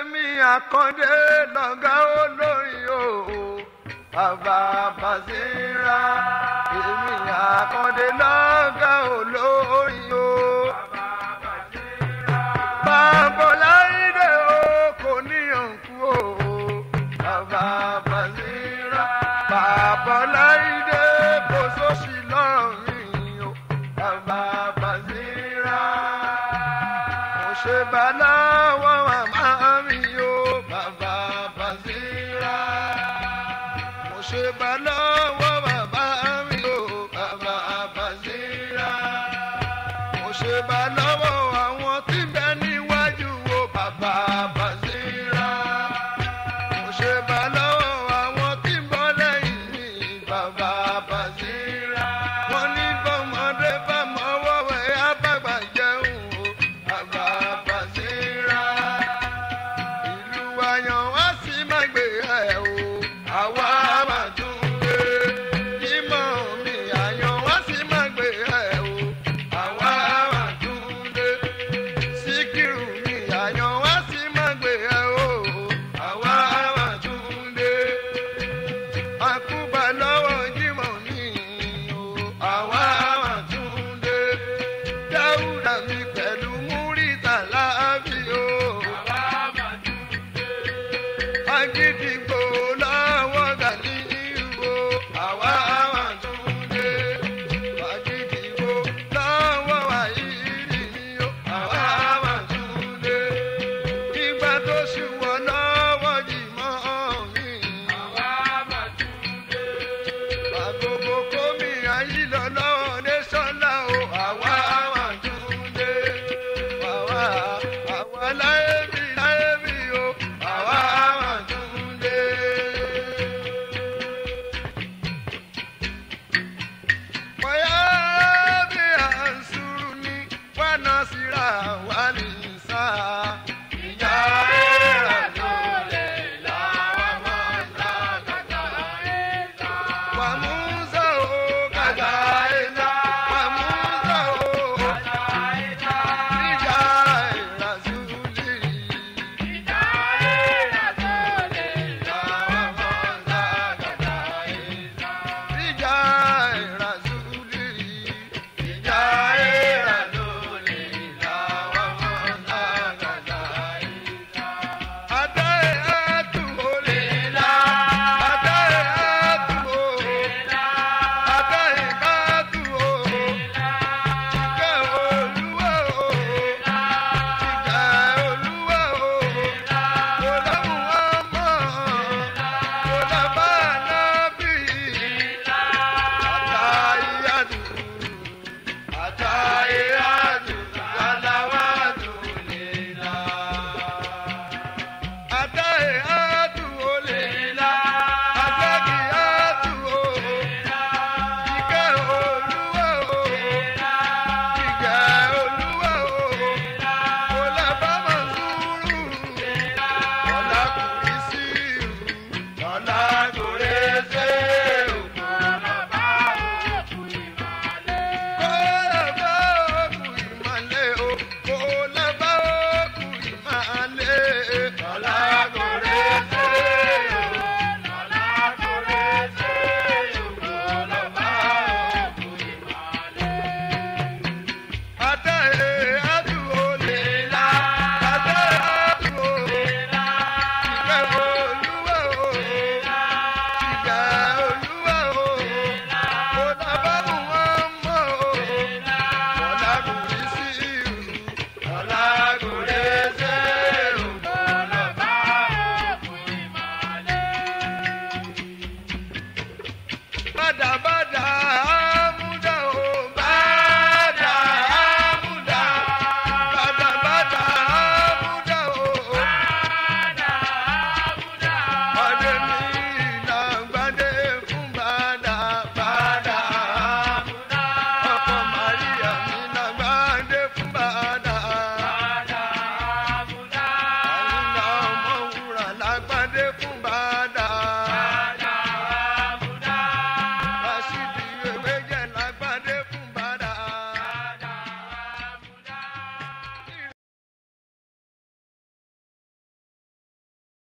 Yẹmí Àkàndé lọ̀gá olórin o bàbá Bàṣírà Yẹmí Àkàndé lọ̀gá olórin o bàbá Bàṣírà bàbá Ọláìdé o kò ní òǹkú o bàbá Bàṣírà bàbá Ọláìdé kò sóṣì lọ́rùn o bàbá Bàṣírà kò ṣe bàláwọ̀. ṣùgbọ́n lọ́wọ́ bàbá mi ò bàbá àbàzíra. mo ṣùgbọ́n lọ́wọ́ àwọn tí ń bẹ níwájú wo bàbá àbàzíra. mo ṣùgbọ́n lọ́wọ́ àwọn tí ń bọ́ lẹ́yìn mi bàbá àbàzíra. o bàbá àbàzíra. ìlú ayọ̀ wá o àwa. àwa àtúndé dáúdà mi pẹ̀lú múrítà láàbí o. àwa àtúndé. agidigbo lọ. Vamos.